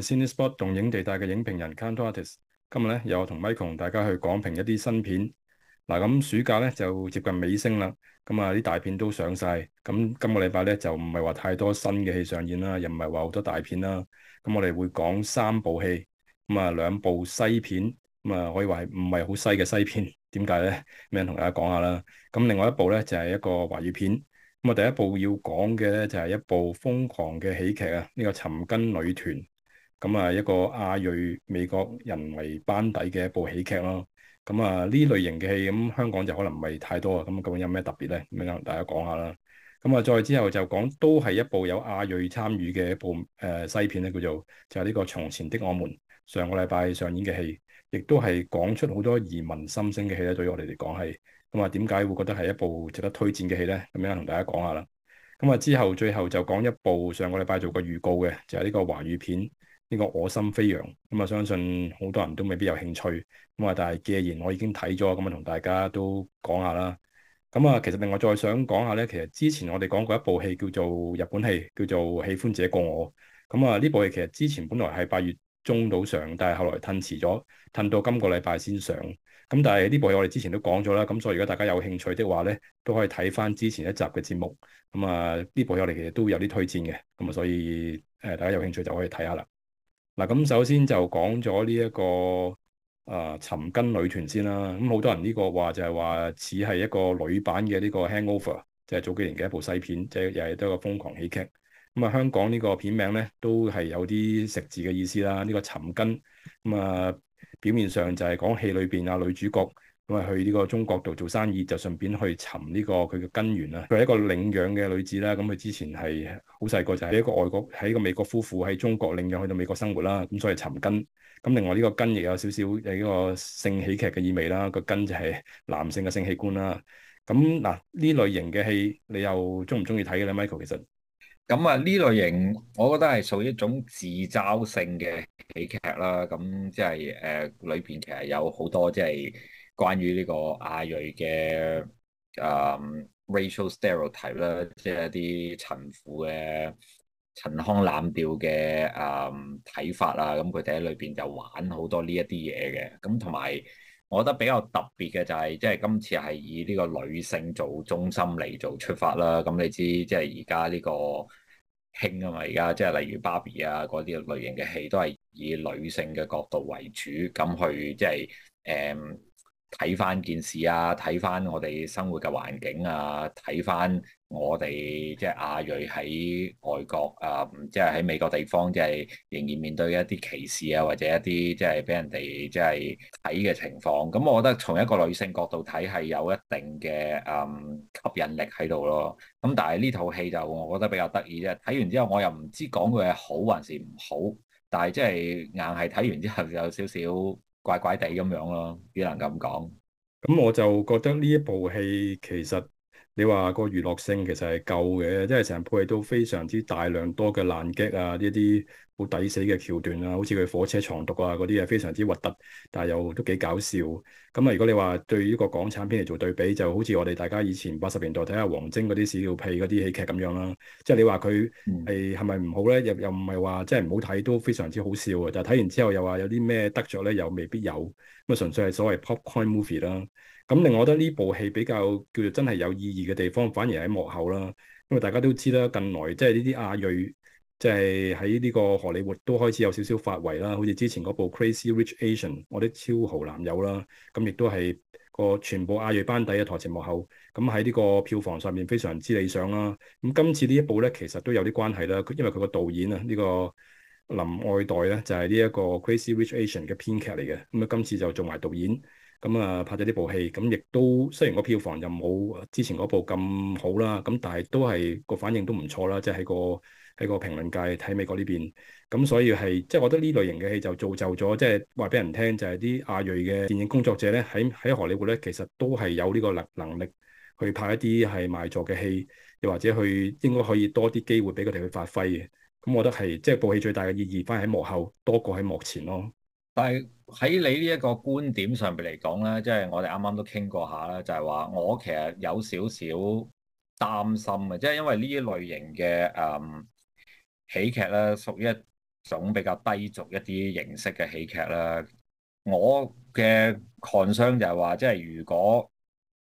係 CineSpot 動映地帶嘅影評人 Kantorates，今日咧又同 Michael 大家去講評一啲新片嗱。咁、啊、暑假咧就接近尾聲啦，咁啊啲大片都上晒。咁、嗯、今個禮拜咧就唔係話太多新嘅戲上演啦，又唔係話好多大片啦。咁、嗯、我哋會講三部戲，咁啊兩部西片，咁、嗯、啊可以話係唔係好西嘅西片？點解咧？咩人同大家講下啦？咁、嗯、另外一部咧就係、是、一個華語片。咁、嗯、啊，我第一部要講嘅咧就係、是、一部瘋狂嘅喜劇啊，呢、這個尋根女團。咁啊，一個亞裔美國人為班底嘅一部喜劇咯。咁、嗯、啊，呢類型嘅戲咁香港就可能唔係太多啊。咁、嗯、究竟有咩特別咧？咁樣同大家講下啦。咁、嗯、啊，再之後就講都係一部有亞裔參與嘅一部誒、呃、西片咧，叫做就係、是、呢、這個《從前的我們》。上個禮拜上演嘅戲，亦都係講出好多移民心聲嘅戲咧。對於我哋嚟講係，咁啊點解會覺得係一部值得推薦嘅戲咧？咁樣同大家講下啦。咁、嗯、啊之後最後就講一部上個禮拜做過預告嘅，就係、是、呢個華語片。呢個我心飛揚，咁啊，相信好多人都未必有興趣咁啊。但係既然我已經睇咗，咁啊，同大家都講下啦。咁啊，其實另外再想講下咧，其實之前我哋講過一部戲叫做日本戲，叫做喜歡者過我。咁啊，呢部戲其實之前本來係八月中度上，但係後來褪遲咗，褪到今個禮拜先上。咁但係呢部戲我哋之前都講咗啦，咁所以如果大家有興趣的話咧，都可以睇翻之前一集嘅節目。咁啊，呢部戲我哋其實都有啲推薦嘅，咁啊，所以誒、呃、大家有興趣就可以睇下啦。嗱，咁首先就講咗呢一個誒尋、呃、根女團先啦，咁好多人呢個話就係話似係一個女版嘅呢個 Hangover，即係早幾年嘅一部西片，即係又係一個瘋狂喜劇。咁啊，香港呢個片名咧都係有啲食字嘅意思啦，呢、這個尋根，咁啊表面上就係講戲裏邊啊女主角。咁啊，去呢個中國度做生意就順便去尋呢個佢嘅根源啦。佢係一個領養嘅女子啦。咁佢之前係好細個就喺一個外國，喺一個美國夫婦喺中國領養，去到美國生活啦。咁所以尋根。咁另外呢個根亦有少少呢個性喜劇嘅意味啦。個根就係男性嘅性器官啦。咁嗱呢類型嘅戲，你又中唔中意睇嘅咧，Michael？其實咁啊，呢類型我覺得係屬於一種自嘲性嘅喜劇啦。咁即係誒裏邊其實有好多即係。關於呢個亞裔嘅誒 racial stereotype 啦，即、um, 係一啲陳腐嘅陳腔濫調嘅誒睇法啊，咁佢哋喺裏邊就玩好多呢一啲嘢嘅。咁同埋，我覺得比較特別嘅就係即係今次係以呢個女性做中心嚟做出發啦。咁你知即係而家呢個興啊嘛，而家即係例如芭比啊嗰啲類型嘅戲都係以女性嘅角度為主，咁去即係誒。Um, 睇翻件事啊，睇翻我哋生活嘅環境啊，睇翻我哋即係亞裔喺外國啊，即係喺美國地方，即係仍然面對一啲歧視啊，或者一啲即係俾人哋即係睇嘅情況。咁、嗯、我覺得從一個女性角度睇係有一定嘅誒、嗯、吸引力喺度咯。咁、嗯、但係呢套戲就我覺得比較得意啫。睇完之後我又唔知講佢係好還是唔好，但係即係硬係睇完之後有少少。怪怪地咁樣咯，只能咁講。咁我就覺得呢一部戲其實你話個娛樂性其實係夠嘅，因為成部戲都非常之大量多嘅爛 gag 啊呢啲。好抵死嘅橋段啊，好似佢火車藏毒啊，嗰啲啊非常之核突，但係又都幾搞笑。咁、嗯、啊，如果你話對於個港產片嚟做對比，就好似我哋大家以前八十年代睇下王晶嗰啲屎尿屁嗰啲喜劇咁樣啦。即係你話佢係係咪唔好咧？又又唔係話即係唔好睇都非常之好笑啊！但係睇完之後又話有啲咩得著咧，又未必有。咁啊，純粹係所謂 popcorn movie 啦。咁、嗯、另外，我覺得呢部戲比較叫做真係有意義嘅地方，反而喺幕後啦。因為大家都知啦，近來即係呢啲亞裔。即係喺呢個荷里活都開始有少少發圍啦，好似之前嗰部《Crazy Rich Asian》我的超豪男友啦，咁、嗯、亦都係個全部亞裔班底嘅台前幕後，咁喺呢個票房上面非常之理想啦。咁、嗯、今次呢一部咧，其實都有啲關係啦，因為佢個導演啊，呢、這個林愛黛咧就係呢一個《Crazy Rich Asian》嘅編劇嚟嘅，咁、嗯、啊今次就做埋導演，咁、嗯、啊拍咗呢部戲，咁、嗯、亦都雖然個票房又冇之前嗰部咁好啦，咁、嗯、但係都係個反應都唔錯啦，即係個。喺個評論界睇美國呢邊，咁所以係即係我覺得呢類型嘅戲就造就咗，即係話俾人聽就係、是、啲亞裔嘅電影工作者咧，喺喺荷里活咧，其實都係有呢個能能力去拍一啲係賣座嘅戲，又或者去應該可以多啲機會俾佢哋去發揮嘅。咁我覺得係即係部戲最大嘅意義，翻喺幕後多過喺幕前咯。但係喺你呢一個觀點上邊嚟講咧，即係我哋啱啱都傾過下啦，就係、是、話我，、就是、我其實有少少擔心嘅，即、就、係、是、因為呢一類型嘅誒。嗯喜劇咧，屬於一種比較低俗一啲形式嘅喜劇啦。我嘅 concern 就係話，即係如果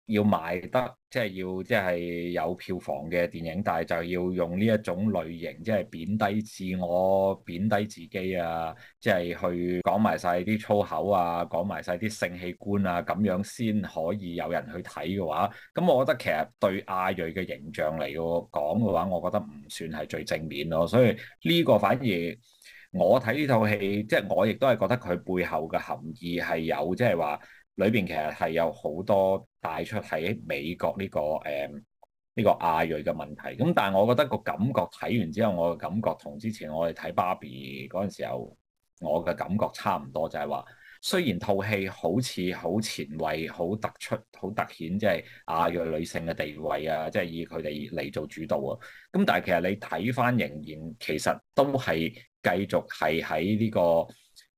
要賣得即係要即係有票房嘅電影，但係就要用呢一種類型，即係貶低自我、貶低自己啊，即係去講埋晒啲粗口啊，講埋晒啲性器官啊，咁樣先可以有人去睇嘅話，咁我覺得其實對亞裔嘅形象嚟講嘅話，我覺得唔算係最正面咯。所以呢個反而我睇呢套戲，即係我亦都係覺得佢背後嘅含義係有即係話。裏邊其實係有好多帶出喺美國呢個誒，呢個亞裔嘅問題，咁但係我覺得個感覺睇完之後，我嘅感覺同之前我哋睇芭比嗰陣時候，我嘅感覺差唔多就，就係話雖然套戲好似好前衛、好突出、好突顯，即係亞裔女性嘅地位啊，即係以佢哋嚟做主導啊，咁但係其實你睇返仍然其實都係繼續係喺呢個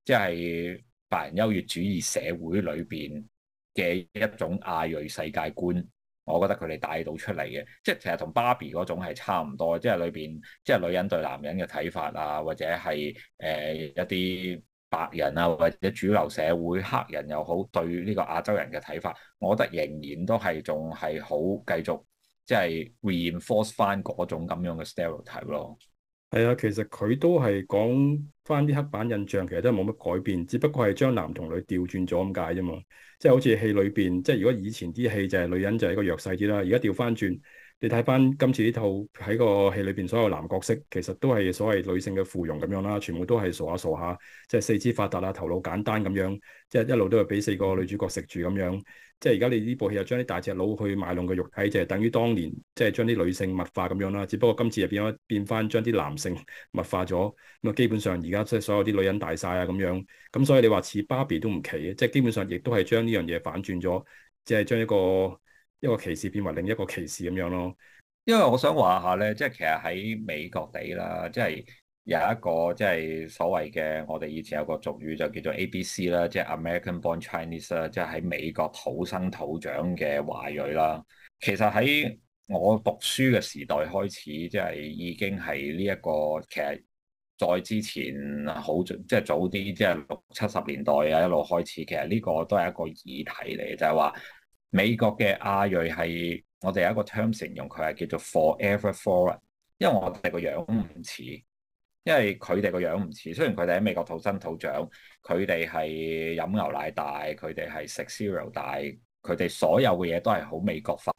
即係。就係白人優越主義社會裏邊嘅一種亞裔世界觀，我覺得佢哋帶到出嚟嘅，即係其實同 Barbie 嗰種係差唔多，即係裏邊即係女人對男人嘅睇法啊，或者係誒、呃、一啲白人啊，或者主流社會黑人又好對呢個亞洲人嘅睇法，我覺得仍然都係仲係好繼續即係、就是、reinforce 翻嗰種咁樣嘅 stereotype 睇咯。係啊，其實佢都係講翻啲刻板印象，其實都係冇乜改變，只不過係將男同女調轉咗咁解啫嘛，即係好似戲裏邊，即係如果以前啲戲就係女人就係一個弱勢啲啦，而家調翻轉。你睇翻今次呢套喺個戲裏邊所有男角色，其實都係所謂女性嘅附庸咁樣啦，全部都係傻下傻下，即係四肢發達啊，頭腦簡單咁樣，即係一路都係俾四個女主角食住咁樣。即係而家你呢部戲又將啲大隻佬去賣弄嘅肉體，就係等於當年即係將啲女性物化咁樣啦。只不過今次又變咗變翻將啲男性物化咗，咁啊基本上而家即係所有啲女人大晒啊咁樣。咁所以你話似芭比都唔奇嘅，即係基本上亦都係將呢樣嘢反轉咗，即係將一個。一個歧視變為另一個歧視咁樣咯，因為我想話下咧，即係其實喺美國地啦，即係有一個即係所謂嘅，我哋以前有個俗語就叫做 A B C 啦，即係 American-born Chinese 啦，即係喺美國土生土長嘅華裔啦。其實喺我讀書嘅時代開始，即係已經係呢一個，其實在之前好即係早啲，即係六七十年代啊一路開始，其實呢個都係一個議題嚟，就係話。美國嘅亞裔係我哋有一個 term 形容佢係叫做 forever foreign，因為我哋個樣唔似，因為佢哋個樣唔似。雖然佢哋喺美國土生土長，佢哋係飲牛奶大，佢哋係食 cereal 大，佢哋所有嘅嘢都係好美國化，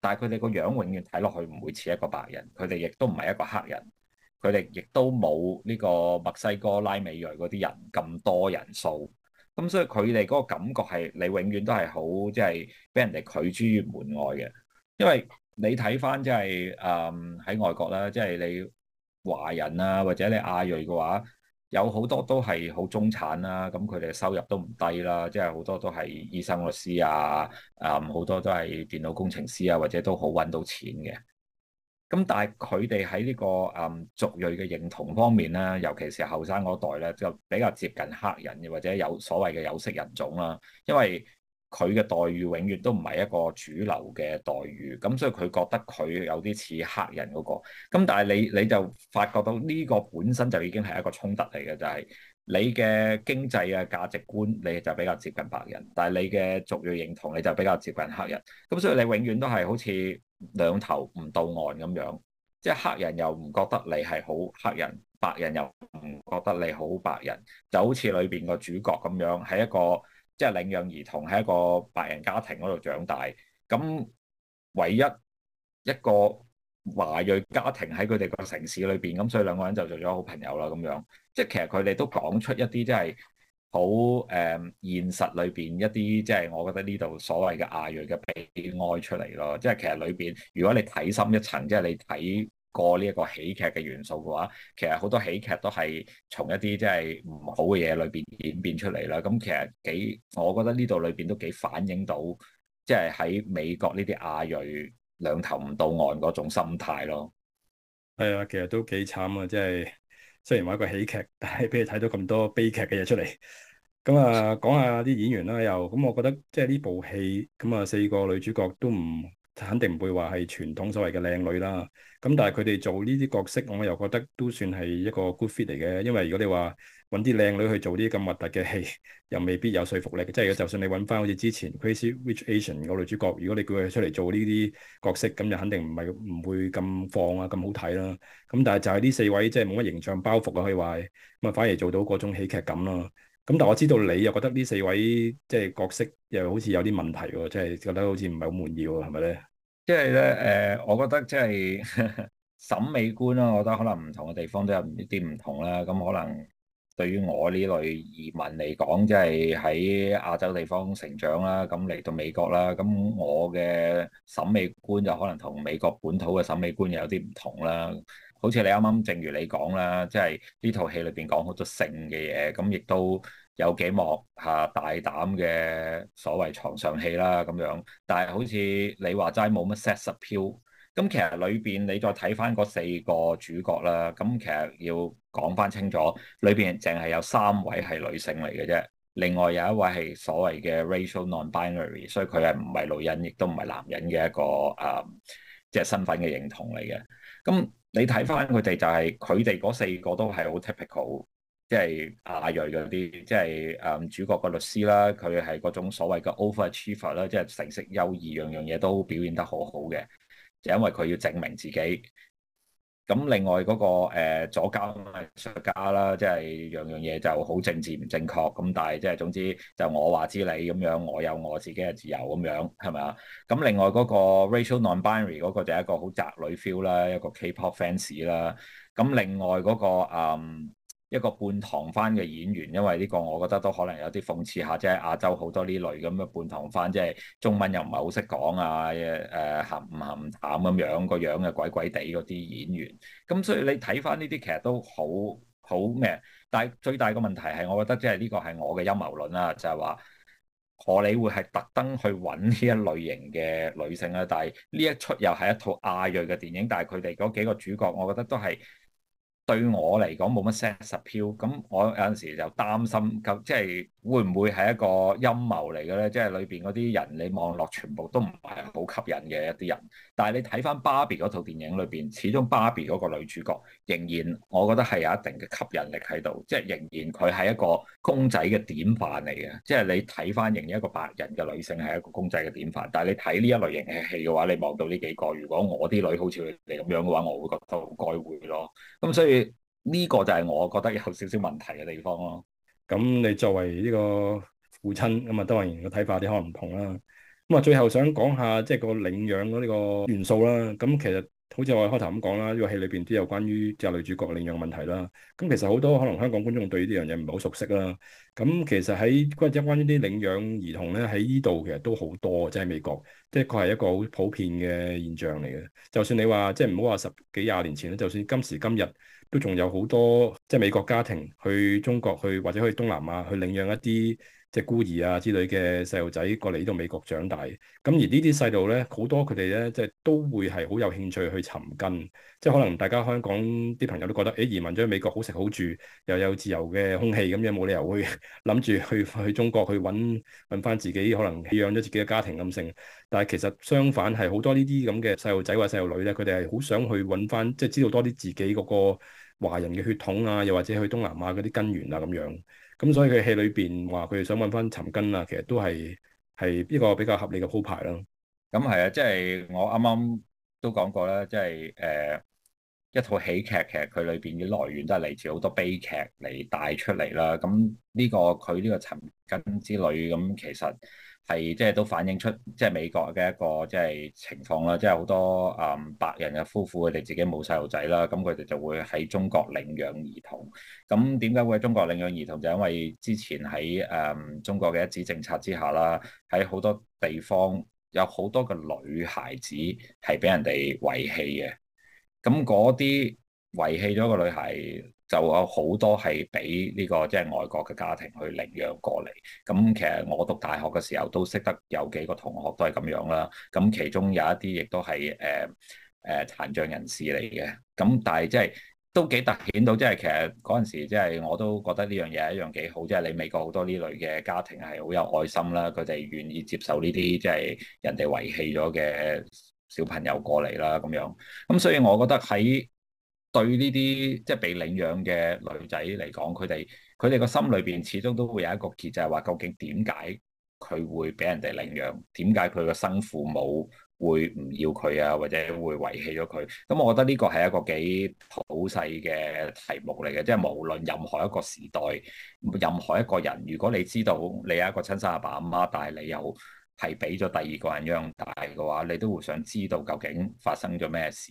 但係佢哋個樣永遠睇落去唔會似一個白人，佢哋亦都唔係一個黑人，佢哋亦都冇呢個墨西哥拉美裔嗰啲人咁多人數。咁所以佢哋嗰個感覺係，你永遠都係好即係俾人哋拒之於門外嘅。因為你睇翻即係誒喺外國啦，即係你華人啊，或者你亞裔嘅話，有好多都係好中產啦。咁佢哋嘅收入都唔低啦。即係好多都係醫生、律師啊，誒好多都係電腦工程師啊，或者都好揾到錢嘅。咁但係佢哋喺呢個誒、嗯、族裔嘅認同方面咧，尤其是後生嗰代咧，就比較接近黑人，或者有所謂嘅有色人種啦。因為佢嘅待遇永遠都唔係一個主流嘅待遇，咁所以佢覺得佢有啲似黑人嗰、那個。咁但係你你就發覺到呢個本身就已經係一個衝突嚟嘅，就係、是。你嘅經濟嘅價值觀，你就比較接近白人，但係你嘅族裔認同，你就比較接近黑人。咁所以你永遠都係好似兩頭唔到岸咁樣，即係黑人又唔覺得你係好黑人，白人又唔覺得你好白人，就好似裏邊個主角咁樣，喺一個即係、就是、領養兒童喺一個白人家庭嗰度長大，咁唯一一個。華裔家庭喺佢哋個城市裏邊，咁所以兩個人就做咗好朋友啦。咁樣，即係其實佢哋都講出一啲即係好誒現實裏邊一啲即係，就是、我覺得呢度所謂嘅亞裔嘅悲哀出嚟咯。即係其實裏邊，如果你睇深一層，即係你睇過呢一個喜劇嘅元素嘅話，其實好多喜劇都係從一啲即係唔好嘅嘢裏邊演變出嚟啦。咁、嗯、其實幾，我覺得呢度裏邊都幾反映到，即係喺美國呢啲亞裔。兩頭唔到岸嗰種心態咯，係啊，其實都幾慘啊！即係雖然話一個喜劇，但係俾你睇到咁多悲劇嘅嘢出嚟。咁啊，講下啲演員啦，又咁，我覺得即係呢部戲咁啊，四個女主角都唔。肯定唔會話係傳統所謂嘅靚女啦。咁但係佢哋做呢啲角色，我又覺得都算係一個 good fit 嚟嘅。因為如果你話揾啲靚女去做啲咁核突嘅戲，又未必有說服力。即係就算你揾翻好似之前 Crazy Rich Asian 個女主角，如果你叫佢出嚟做呢啲角色，咁就肯定唔係唔會咁放啊，咁好睇啦。咁但係就係呢四位即係冇乜形象包袱啊，可以話咁啊，反而做到嗰種喜劇感咯。咁但係我知道你又覺得呢四位即係角色又好似有啲問題喎，即係覺得好似唔係好滿意喎，係咪咧？即係咧，誒、呃，我覺得即、就、係、是、 審美觀啦，我覺得可能唔同嘅地方都有一啲唔同啦。咁可能對於我呢類移民嚟講，即係喺亞洲地方成長啦，咁嚟到美國啦，咁我嘅審美觀就可能同美國本土嘅審美觀又有啲唔同啦。好似你啱啱正如你講啦，即係呢套戲裏邊講好多性嘅嘢，咁亦都，有幾幕吓大膽嘅所謂床上戲啦咁樣，但係好似你話齋冇乜 sex appeal。咁其實裏邊你再睇翻嗰四個主角啦，咁其實要講翻清楚，裏邊淨係有三位係女性嚟嘅啫，另外有一位係所謂嘅 racial non-binary，所以佢係唔係女人，亦都唔係男人嘅一個誒，即、um, 係身份嘅認同嚟嘅。咁你睇翻佢哋就係佢哋嗰四個都係好 typical。即係亞裔嗰啲，即係誒、嗯、主角個律師啦，佢係嗰種所謂嘅 overachiever 啦，即係成績優異，樣樣嘢都表現得好好嘅，就因為佢要證明自己。咁另外嗰、那個誒、呃、左膠嘅作家啦，即係樣樣嘢就好政治唔正確，咁但係即係總之就我話之你咁樣，我有我自己嘅自由咁樣，係咪啊？咁另外嗰個 racial non-binary 嗰個就係一個好宅女 feel 啦，一個 K-pop fans 啦，咁另外嗰、那個、嗯一個半唐番嘅演員，因為呢個我覺得都可能有啲諷刺下，即係亞洲好多呢類咁嘅半唐番，即係中文又唔係好識講啊，誒、呃、誒鹹唔鹹淡咁樣個樣嘅鬼鬼地嗰啲演員。咁所以你睇翻呢啲其實都好好咩？但係最大嘅問題係，我覺得即係呢、這個係我嘅陰謀論啦，就係話荷里活係特登去揾呢一類型嘅女性啦。但係呢一出又係一套亞裔嘅電影，但係佢哋嗰幾個主角，我覺得都係。對我嚟講冇乜 sex appeal。咁我有陣時就擔心，即係。會唔會係一個陰謀嚟嘅咧？即係裏邊嗰啲人，你望落全部都唔係好吸引嘅一啲人。但係你睇翻芭比嗰套電影裏邊，始終芭比嗰個女主角仍然，我覺得係有一定嘅吸引力喺度。即係仍然佢係一個公仔嘅典範嚟嘅。即係你睇翻仍然一個白人嘅女性係一個公仔嘅典範。但係你睇呢一類型嘅戲嘅話，你望到呢幾個，如果我啲女好似你咁樣嘅話，我會覺得都該會咯。咁所以呢個就係我覺得有少少問題嘅地方咯。咁你作為呢個父親，咁啊當然個睇法啲可能唔同啦。咁啊最後想講下即係、就是、個領養嗰呢個元素啦。咁其實好似我哋開頭咁講啦，呢、這個戲裏邊都有關於即係女主角嘅領養問題啦。咁其實好多可能香港觀眾對呢樣嘢唔係好熟悉啦。咁其實喺關即係於啲領養兒童咧，喺呢度其實都好多，即係美國，即係確係一個好普遍嘅現象嚟嘅。就算你話即係唔好話十幾廿年前咧，就算今時今日。都仲有好多即係、就是、美國家庭去中國去或者去東南亞去領養一啲。即係孤兒啊，之類嘅細路仔過嚟呢度美國長大，咁而呢啲細路咧，好多佢哋咧即係都會係好有興趣去尋根，即係可能大家香港啲朋友都覺得，誒、欸、移民咗去美國好食好住，又有自由嘅空氣咁樣，冇理由會去諗住去去中國去揾揾翻，自己可能養咗自己嘅家庭咁性。但係其實相反係好多這這呢啲咁嘅細路仔或細路女咧，佢哋係好想去揾翻，即係知道多啲自己嗰個華人嘅血統啊，又或者去東南亞嗰啲根源啊咁樣。咁所以佢戲裏邊，話佢哋想揾翻尋根啊，其實都係係一個比較合理嘅鋪排咯。咁係啊，即係我啱啱都講過啦，即係誒一套喜劇其實佢裏邊嘅來源都係嚟自好多悲劇嚟帶出嚟啦。咁呢個佢呢個尋根之旅咁其實。係即係都反映出即係美國嘅一個即係情況啦，即係好多誒、嗯、白人嘅夫婦佢哋自己冇細路仔啦，咁佢哋就會喺中國領養兒童。咁點解會喺中國領養兒童？就因為之前喺誒、嗯、中國嘅一孩政策之下啦，喺好多地方有好多嘅女孩子係俾人哋遺棄嘅。咁嗰啲遺棄咗個女孩，就有好多係俾呢個即係外國嘅家庭去領養過嚟，咁其實我讀大學嘅時候都識得有幾個同學都係咁樣啦，咁其中有一啲亦都係誒誒殘障人士嚟嘅，咁但係即係都幾突顯到，即係其實嗰陣時即係我都覺得呢樣嘢一樣幾好，即係你美國好多呢類嘅家庭係好有愛心啦，佢哋願意接受呢啲即係人哋遺棄咗嘅小朋友過嚟啦，咁樣，咁所以我覺得喺對呢啲即係被領養嘅女仔嚟講，佢哋佢哋個心裏邊始終都會有一個結，就係話究竟點解佢會俾人哋領養？點解佢個生父母會唔要佢啊？或者會遺棄咗佢？咁我覺得呢個係一個幾好細嘅題目嚟嘅，即係無論任何一個時代，任何一個人，如果你知道你有一個親生阿爸阿媽，但係你有，係俾咗第二個人養大嘅話，你都會想知道究竟發生咗咩事。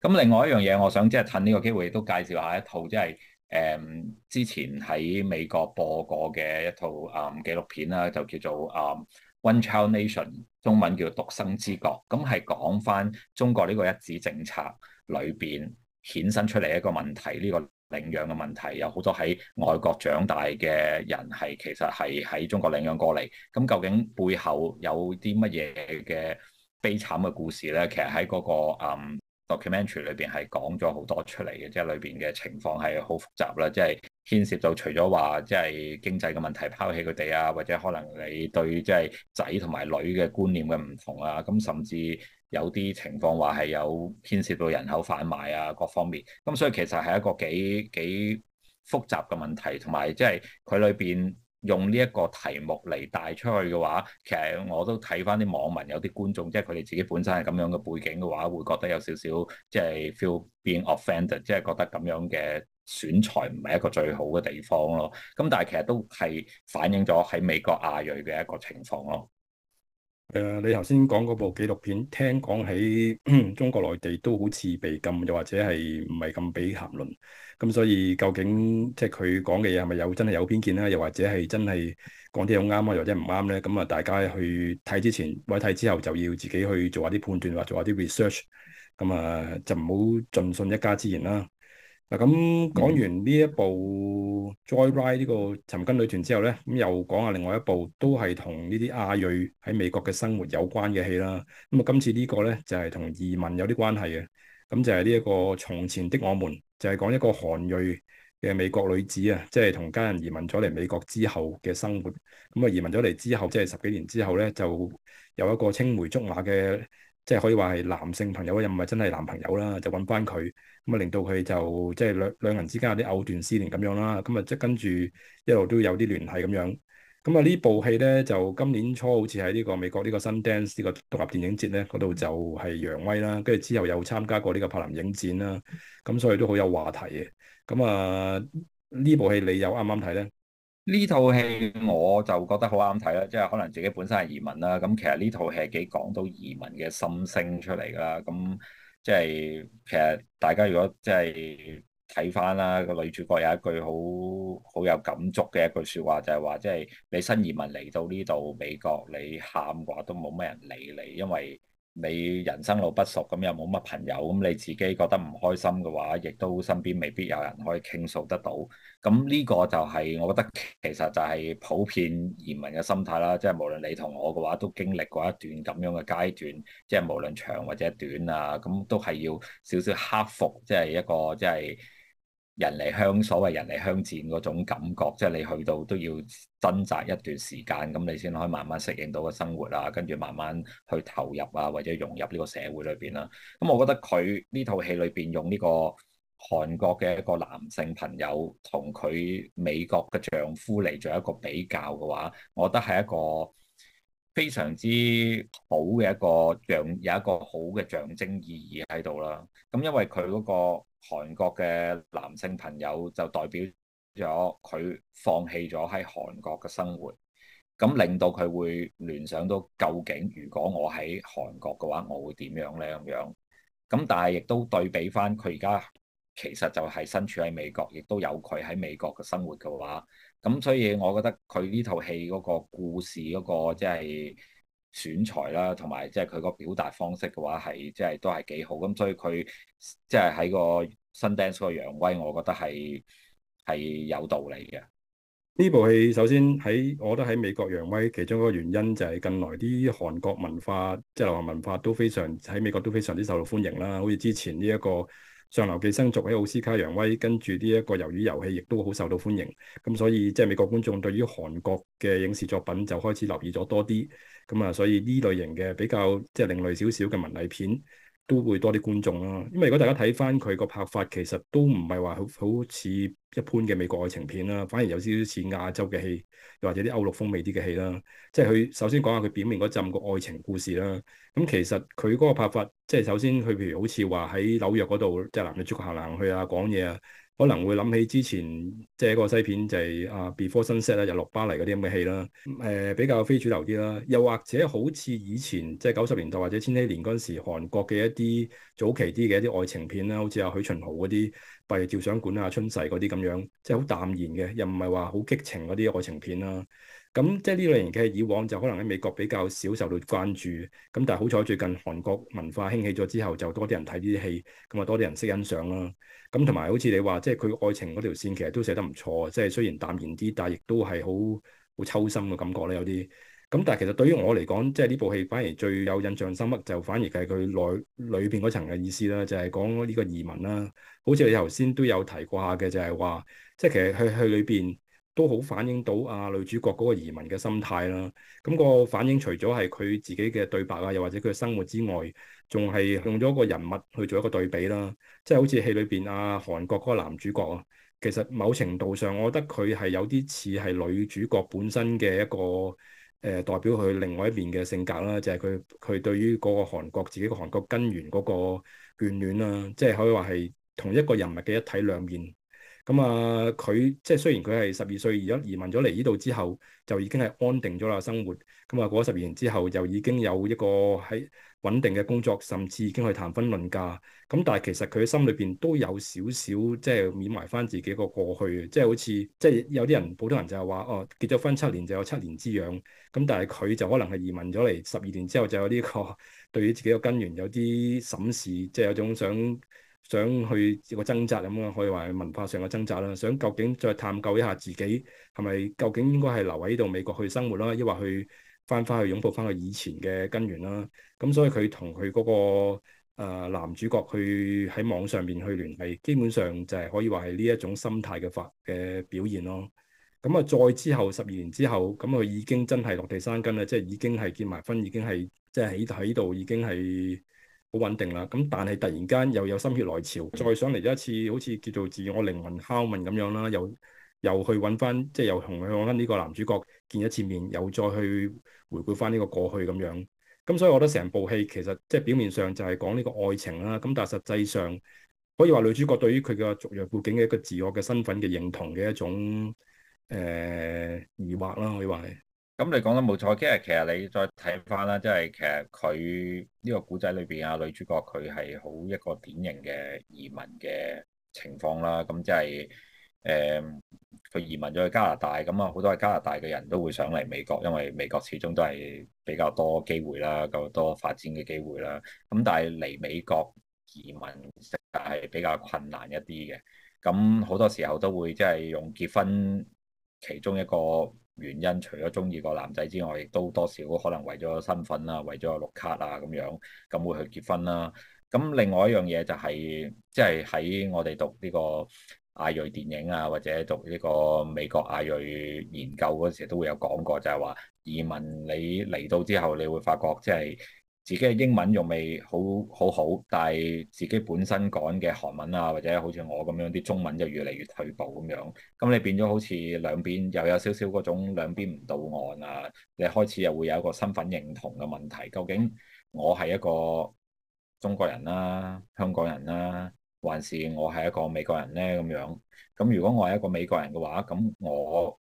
咁另外一樣嘢，我想即係趁呢個機會都介紹下一套，即係誒之前喺美國播過嘅一套誒紀錄片啦，就叫做《嗯、One Child Nation》，中文叫《獨生之國》。咁係講翻中國呢個一子政策裏邊衍生出嚟一個問題呢、這個。領養嘅問題，有好多喺外國長大嘅人係其實係喺中國領養過嚟，咁究竟背後有啲乜嘢嘅悲慘嘅故事咧？其實喺嗰個嗯 documentary 裏邊係講咗好多出嚟嘅，即係裏邊嘅情況係好複雜啦，即係牽涉到除咗話即係經濟嘅問題拋棄佢哋啊，或者可能你對即係仔同埋女嘅觀念嘅唔同啊，咁甚至。有啲情況話係有牽涉到人口販賣啊，各方面咁，所以其實係一個幾幾複雜嘅問題，同埋即係佢裏邊用呢一個題目嚟帶出去嘅話，其實我都睇翻啲網民有啲觀眾，即係佢哋自己本身係咁樣嘅背景嘅話，會覺得有少少即係、就是、feel being offended，即係覺得咁樣嘅選材唔係一個最好嘅地方咯。咁但係其實都係反映咗喺美國亞裔嘅一個情況咯。誒、呃，你頭先講嗰部紀錄片，聽講喺中國內地都好似被禁是是是是，又或者係唔係咁俾談論，咁所以究竟即係佢講嘅嘢係咪有真係有偏見咧？又或者係真係講啲好啱啊，或者唔啱咧？咁啊，大家去睇之前或者睇之後，就要自己去做下啲判斷，或做下啲 research，咁啊就唔好盡信一家之言啦。嗱咁講完呢一部 Joyride 呢、這個尋根女團之後呢，咁又講下另外一部都係同呢啲亞裔喺美國嘅生活有關嘅戲啦。咁啊，今次呢個呢，就係、是、同移民有啲關係嘅，咁就係呢一個從前的我們，就係、是、講一個韓裔嘅美國女子啊，即係同家人移民咗嚟美國之後嘅生活。咁啊，移民咗嚟之後，即、就、係、是、十幾年之後呢，就有一個青梅竹馬嘅。即係可以話係男性朋友又唔係真係男朋友啦，就揾翻佢咁啊，令到佢就即係、就是、兩兩人之間啲藕斷絲連咁樣啦。咁啊，即係跟住一路都有啲聯繫咁樣。咁啊，呢部戲咧就今年初好似喺呢個美國呢個新 dance 呢個獨立電影節咧，嗰度就係揚威啦。跟住之後又參加過呢個柏林影展啦。咁所以都好有話題嘅。咁啊，呢部戲你又啱啱睇咧？呢套戲我就覺得好啱睇啦，即係可能自己本身係移民啦，咁其實呢套戲係幾講到移民嘅心聲出嚟㗎喇。咁即係其實大家如果即係睇翻啦，個女主角有一句好好有感觸嘅一句説話，就係話即係你新移民嚟到呢度美國，你喊嘅話都冇乜人理你，因為，你人生路不熟，咁又冇乜朋友，咁你自己覺得唔開心嘅話，亦都身邊未必有人可以傾訴得到。咁呢個就係我覺得其實就係普遍移民嘅心態啦。即係無論你同我嘅話，都經歷過一段咁樣嘅階段，即係無論長或者短啊，咁都係要少少克服，即係一個即係。人離鄉，所謂人離鄉賤嗰種感覺，即係你去到都要掙扎一段時間，咁你先可以慢慢適應到個生活啊，跟住慢慢去投入啊，或者融入呢個社會裏邊啦。咁我覺得佢呢套戲裏邊用呢個韓國嘅一個男性朋友同佢美國嘅丈夫嚟做一個比較嘅話，我覺得係一個非常之好嘅一個象，有一個好嘅象徵意義喺度啦。咁因為佢嗰個。韓國嘅男性朋友就代表咗佢放棄咗喺韓國嘅生活，咁令到佢會聯想到究竟如果我喺韓國嘅話，我會點樣呢？咁樣。咁但係亦都對比翻佢而家其實就係身處喺美國，亦都有佢喺美國嘅生活嘅話，咁所以我覺得佢呢套戲嗰個故事嗰個即係。選材啦，同埋即係佢個表達方式嘅話係，即係都係幾好咁，所以佢即係喺個 Sundance 個揚威我，我覺得係係有道理嘅。呢部戲首先喺，我覺得喺美國揚威，其中一個原因就係近來啲韓國文化，即係流行文化都非常喺美國都非常之受到歡迎啦。好似之前呢一個。上流寄生族喺奧斯卡揚威，跟住呢一個魷魚遊戲亦都好受到歡迎，咁所以即係美國觀眾對於韓國嘅影視作品就開始留意咗多啲，咁啊所以呢類型嘅比較即係另類少少嘅文藝片。都會多啲觀眾啦，因為如果大家睇翻佢個拍法，其實都唔係話好好似一般嘅美國愛情片啦，反而有少少似亞洲嘅戲，又或者啲歐陸風味啲嘅戲啦。即係佢首先講下佢表面嗰陣個愛情故事啦，咁、嗯、其實佢嗰個拍法，即係首先佢譬如好似話喺紐約嗰度，即係男女主角行嚟行去啊，講嘢啊。可能會諗起之前即係一個西片就係啊 Before Sunset 啦，日落巴黎啲咁嘅戲啦，誒、呃、比較非主流啲啦，又或者好似以前即係九十年代或者千禧年嗰陣時韓國嘅一啲早期啲嘅一啲愛情片啦，好似阿許秦豪嗰啲，譬如照相館啊、春逝嗰啲咁樣，即係好淡然嘅，又唔係話好激情嗰啲愛情片啦。咁即係呢類型嘅以往就可能喺美國比較少受到關注，咁但係好彩最近韓國文化興起咗之後，就多啲人睇呢啲戲，咁啊多啲人識欣賞啦。咁同埋好似你話，即係佢愛情嗰條線其實都寫得唔錯，即係雖然淡然啲，但係亦都係好好抽心嘅感覺咧，有啲。咁但係其實對於我嚟講，即係呢部戲反而最有印象深刻，就反而係佢內裏邊嗰層嘅意思啦，就係、是、講呢個移民啦。好似你頭先都有提過下嘅，就係、是、話，即係其實去去裏邊。都好反映到啊女主角嗰個移民嘅心態啦。咁、嗯，嗰個反映除咗係佢自己嘅對白啊，又或者佢嘅生活之外，仲係用咗個人物去做一個對比啦。即係好似戲裏邊啊韓國嗰個男主角啊，其實某程度上我覺得佢係有啲似係女主角本身嘅一個誒、呃、代表佢另外一面嘅性格啦，就係佢佢對於嗰個韓國自己個韓國根源嗰個眷戀啦。即係可以話係同一個人物嘅一體兩面。咁啊，佢即係雖然佢係十二歲而家移民咗嚟呢度之後，就已經係安定咗啦生活。咁啊，過咗十年之後，就已經有一個喺穩定嘅工作，甚至已經去談婚論嫁。咁但係其實佢喺心裏邊都有少少即係緬懷翻自己個過去，即係好似即係有啲人普通人就係話哦，結咗婚七年就有七年之癢。咁但係佢就可能係移民咗嚟十二年之後就有呢個對於自己個根源有啲審視，即係有種想。想去個掙扎咁樣，可以話係文化上嘅掙扎啦。想究竟再探究一下自己係咪究竟應該係留喺度美國去生活啦，抑或去翻返去擁抱翻佢以前嘅根源啦。咁所以佢同佢嗰個、呃、男主角去喺網上面去聯繫，基本上就係可以話係呢一種心態嘅發嘅表現咯。咁啊，再之後十二年之後，咁佢已經真係落地生根啦，即係已經係結埋婚，已經係即係喺喺度已經係。好穩定啦，咁但係突然間又有心血來潮，再上嚟一次，好似叫做自我靈魂拷問咁樣啦，又又去搵翻，即係又同佢講跟呢個男主角見一次面，又再去回顧翻呢個過去咁樣。咁所以我覺得成部戲其實即係表面上就係講呢個愛情啦，咁但係實際上可以話女主角對於佢嘅族裔背景嘅一個自我嘅身份嘅認同嘅一種誒、呃、疑惑啦，可以話係。咁你講得冇錯，其實其實你再睇翻啦，即係，其實佢呢個古仔裏邊啊，女主角佢係好一個典型嘅移民嘅情況啦。咁即係誒，佢、呃、移民咗去加拿大，咁啊好多係加拿大嘅人都會想嚟美國，因為美國始終都係比較多機會啦，夠多發展嘅機會啦。咁但係嚟美國移民實係比較困難一啲嘅，咁好多時候都會即係用結婚其中一個。原因除咗中意個男仔之外，亦都多少可能為咗身份啊，為咗個綠卡啊咁樣，咁會去結婚啦。咁另外一樣嘢就係，即係喺我哋讀呢個亞裔電影啊，或者讀呢個美國亞裔研究嗰時都會有講過，就係話移民你嚟到之後，你會發覺即係。自己嘅英文又未好好好，但係自己本身講嘅韓文啊，或者好似我咁樣啲中文就越嚟越退步咁樣，咁你變咗好似兩邊又有少少嗰種兩邊唔到岸啊，你開始又會有一個身份認同嘅問題，究竟我係一個中國人啦、啊、香港人啦、啊，還是我係一個美國人咧咁樣？咁如果我係一個美國人嘅話，咁我。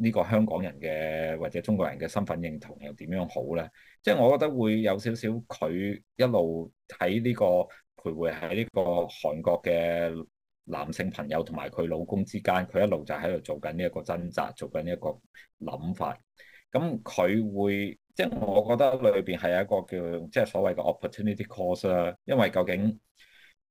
呢個香港人嘅或者中國人嘅身份認同又點樣好咧？即係我覺得會有少少佢一路喺呢個徘徊喺呢個韓國嘅男性朋友同埋佢老公之間，佢一路就喺度做緊呢一個掙扎，做緊呢一個諗法。咁佢會即係我覺得裏邊係有一個叫即係所謂嘅 opportunity course 啦，因為究竟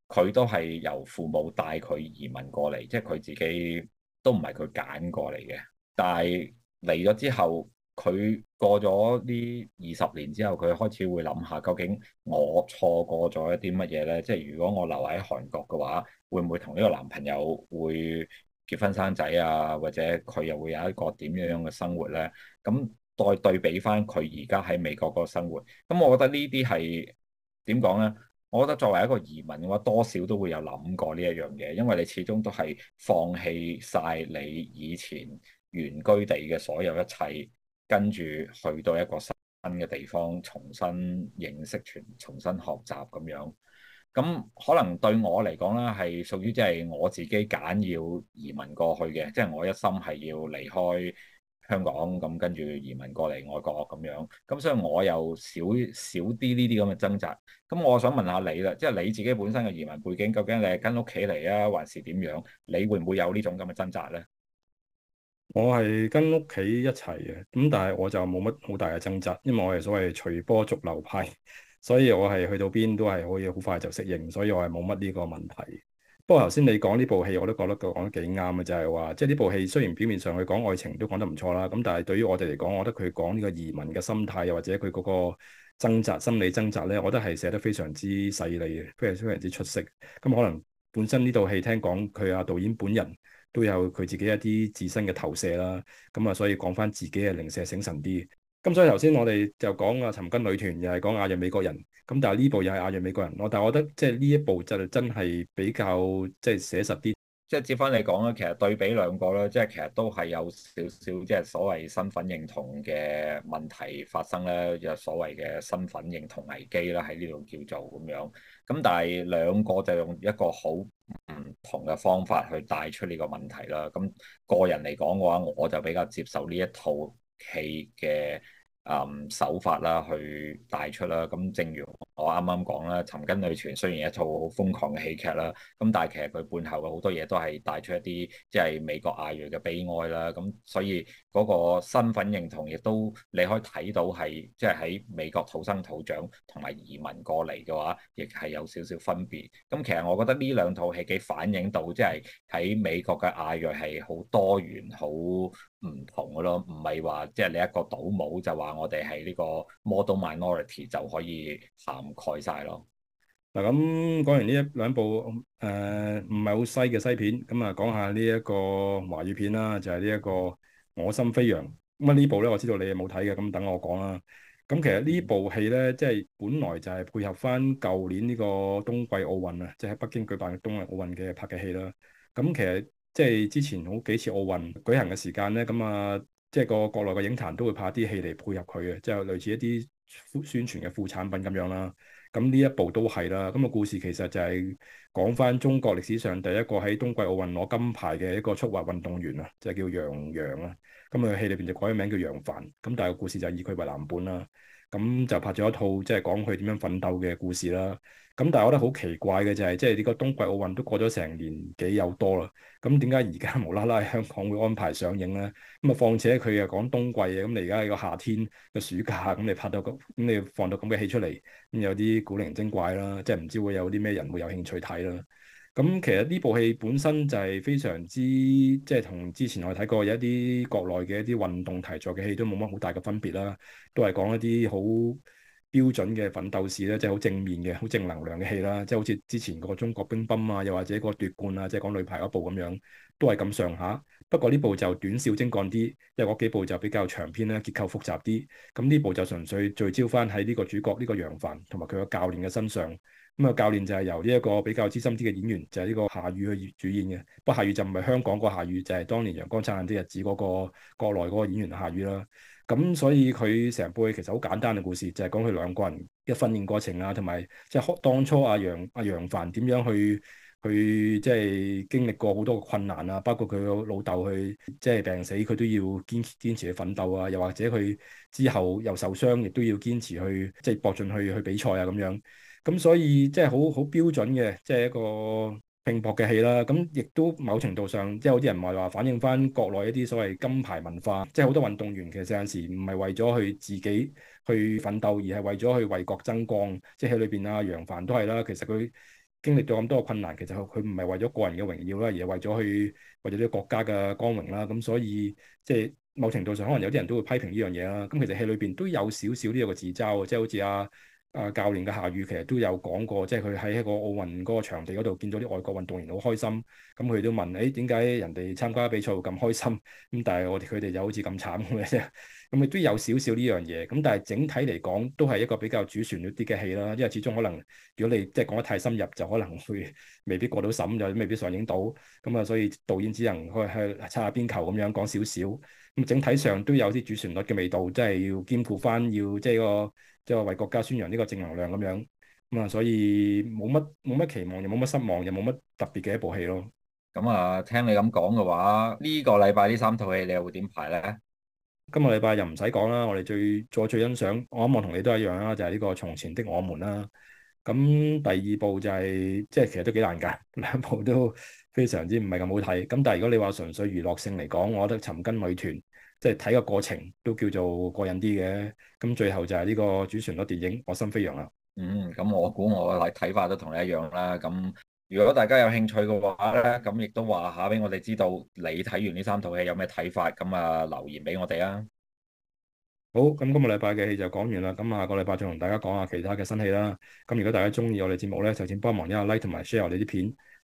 佢都係由父母帶佢移民過嚟，即係佢自己都唔係佢揀過嚟嘅。但係嚟咗之後，佢過咗呢二十年之後，佢開始會諗下究竟我錯過咗一啲乜嘢呢？即係如果我留喺韓國嘅話，會唔會同呢個男朋友會結婚生仔啊？或者佢又會有一個點樣樣嘅生活呢？咁再對比翻佢而家喺美國個生活，咁我覺得呢啲係點講呢？我覺得作為一個移民嘅話，多少都會有諗過呢一樣嘢，因為你始終都係放棄晒你以前。原居地嘅所有一切，跟住去到一個新嘅地方，重新認識，重重新學習，咁樣，咁可能對我嚟講啦，係屬於即係我自己揀要移民過去嘅，即係我一心係要離開香港，咁跟住移民過嚟外國，咁樣，咁所以我有少少啲呢啲咁嘅掙扎。咁我想問下你啦，即係你自己本身嘅移民背景，究竟你係跟屋企嚟啊，還是點樣，你會唔會有這種這呢種咁嘅掙扎咧？我係跟屋企一齊嘅，咁但係我就冇乜好大嘅掙扎，因為我係所謂隨波逐流派，所以我係去到邊都係可以好快就適應，所以我係冇乜呢個問題。不過頭先你講呢部戲，我都覺得佢講得幾啱嘅，就係話，即係呢部戲雖然表面上佢講愛情都講得唔錯啦，咁但係對於我哋嚟講，我覺得佢講呢個移民嘅心態，又或者佢嗰個掙扎，心理掙扎咧，我覺得係寫得非常之細膩，非常非常之出色。咁可能本身呢套戲聽講佢阿導演本人。都有佢自己一啲自身嘅投射啦，咁啊，所以講翻自己嘅零舍醒神啲。咁所以頭先我哋就講啊，尋根女團又係講亞裔美國人，咁但係呢部又係亞裔美國人。但我但係覺得即係呢一部就真係比較即係寫實啲。即係接翻嚟講啦，其實對比兩個啦，即係其實都係有少少即係所謂身份認同嘅問題發生咧，即所謂嘅身份認同危機啦，喺呢度叫做咁樣。咁但係兩個就用一個好唔同嘅方法去帶出呢個問題啦。咁個人嚟講嘅話，我就比較接受呢一套戲嘅。誒、嗯、手法啦，去帶出啦。咁正如我啱啱講啦，《尋根女團》雖然一套好瘋狂嘅喜劇啦，咁但係其實佢背後嘅好多嘢都係帶出一啲，即係美國亞裔嘅悲哀啦。咁所以嗰個身份認同亦都你可以睇到係，即係喺美國土生土長同埋移民過嚟嘅話，亦係有少少分別。咁其實我覺得呢兩套戲幾反映到，即係喺美國嘅亞裔係好多元、好唔同嘅咯，唔係話即係你一個倒模就話我哋係呢個 model minority 就可以涵蓋晒咯。嗱，咁講完呢一兩部誒唔係好西嘅西片，咁啊講下呢一個華語片啦，就係呢一個我心飛揚。咁啊呢部咧我知道你係冇睇嘅，咁等我講啦。咁其實部戲呢部戲咧，即係本來就係配合翻舊年呢個冬季奧運啊，即係喺北京舉辦嘅冬季奧運嘅拍嘅戲啦。咁其實。即係之前好幾次奧運舉行嘅時間咧，咁啊，即係個國內嘅影壇都會拍啲戲嚟配合佢嘅，即係類似一啲宣傳嘅副產品咁樣啦。咁呢一部都係啦。咁個故事其實就係講翻中國歷史上第一個喺冬季奧運攞金牌嘅一個速滑運動員啊，就係叫楊洋啦。咁啊，戲裏邊就改咗名叫楊帆。咁但係個故事就係以佢為藍本啦。咁就拍咗一套即係講佢點樣奮鬥嘅故事啦。咁但係我覺得好奇怪嘅就係，即係呢個冬季奧運都過咗成年幾有多啦，咁點解而家無啦啦香港會安排上映咧？咁啊，況且佢又講冬季嘅，咁你而家喺個夏天嘅暑假，咁你拍到咁，你放到咁嘅戲出嚟，咁有啲古靈精怪啦，即係唔知會有啲咩人會有興趣睇啦。咁其實呢部戲本身就係非常之，即係同之前我睇過有一啲國內嘅一啲運動題材嘅戲都冇乜好大嘅分別啦，都係講一啲好標準嘅奮鬥史咧，即係好正面嘅、好正能量嘅戲啦，即係好似之前嗰個中國乒乓啊，又或者嗰個奪冠啊，即係講女排嗰部咁樣，都係咁上下。不過呢部就短小精幹啲，因為嗰幾部就比較長篇咧，結構複雜啲。咁呢部就純粹聚焦翻喺呢個主角呢個楊帆同埋佢個教練嘅身上。咁啊！教練就係由呢一個比較資深啲嘅演員，就係呢個夏雨去主演嘅。不過夏雨就唔係香港個夏雨，就係當年陽光燦爛啲日子嗰個國內嗰個演員夏雨啦。咁所以佢成部其實好簡單嘅故事，就係講佢兩個人嘅訓練過程啊，同埋即係當初阿楊阿楊帆點樣去去即係經歷過好多嘅困難啊。包括佢老豆去即係病死，佢都要堅堅持去奮鬥啊。又或者佢之後又受傷，亦都要堅持去即係搏盡去去比賽啊，咁樣。咁、嗯、所以即係好好標準嘅，即係一個拼搏嘅戲啦。咁、嗯、亦都某程度上，即係好啲人唔係話反映翻國內一啲所謂金牌文化，即係好多運動員其實有陣時唔係為咗去自己去奮鬥，而係為咗去為國增光。即係戲裏邊啊，楊帆都係啦，其實佢經歷咗咁多困難，其實佢唔係為咗個人嘅榮耀啦，而係為咗去為咗國家嘅光榮啦。咁、嗯、所以即係某程度上可能有啲人都會批評呢樣嘢啦。咁、嗯、其實戲裏邊都有少少呢個嘅自嘲，即係好似啊。啊！教練嘅夏雨其實都有講過，即係佢喺一個奧運嗰個場地嗰度見到啲外國運動員好開心，咁佢都問：誒點解人哋參加比賽咁開心？咁但係我哋佢哋就好似咁慘咁嘅啫。咁亦都有少少呢樣嘢。咁但係整體嚟講，都係一個比較主旋律啲嘅戲啦。因為始終可能，如果你即係講得太深入，就可能會未必過到審，又未必上映到。咁啊，所以導演只能去去擦下邊球咁樣講少少。咁整體上都有啲主旋律嘅味道，即係要兼顧返，要即係個。即係為國家宣揚呢個正能量咁樣，咁啊，所以冇乜冇乜期望，又冇乜失望，又冇乜特別嘅一部戲咯。咁啊，聽你咁講嘅話，呢個禮拜呢三套戲你又會點排咧？今個禮拜又唔使講啦，我哋最再最，最欣賞，我諗我同你都一樣啦，就係呢個從前的我們啦。咁第二部就係即係其實都幾難㗎，兩部都非常之唔係咁好睇。咁但係如果你話純粹娛樂性嚟講，我覺得尋根女團。即係睇個過程都叫做過癮啲嘅，咁最後就係呢個主旋律電影《我心飛揚》啦。嗯，咁我估我睇法都同你一樣啦。咁如果大家有興趣嘅話咧，咁亦都話下俾我哋知道你睇完呢三套戲有咩睇法，咁啊留言俾我哋啊。好，咁今個禮拜嘅戲就講完啦。咁下個禮拜再同大家講下其他嘅新戲啦。咁如果大家中意我哋節目咧，就請幫忙一下 like 同埋 share 我哋啲片。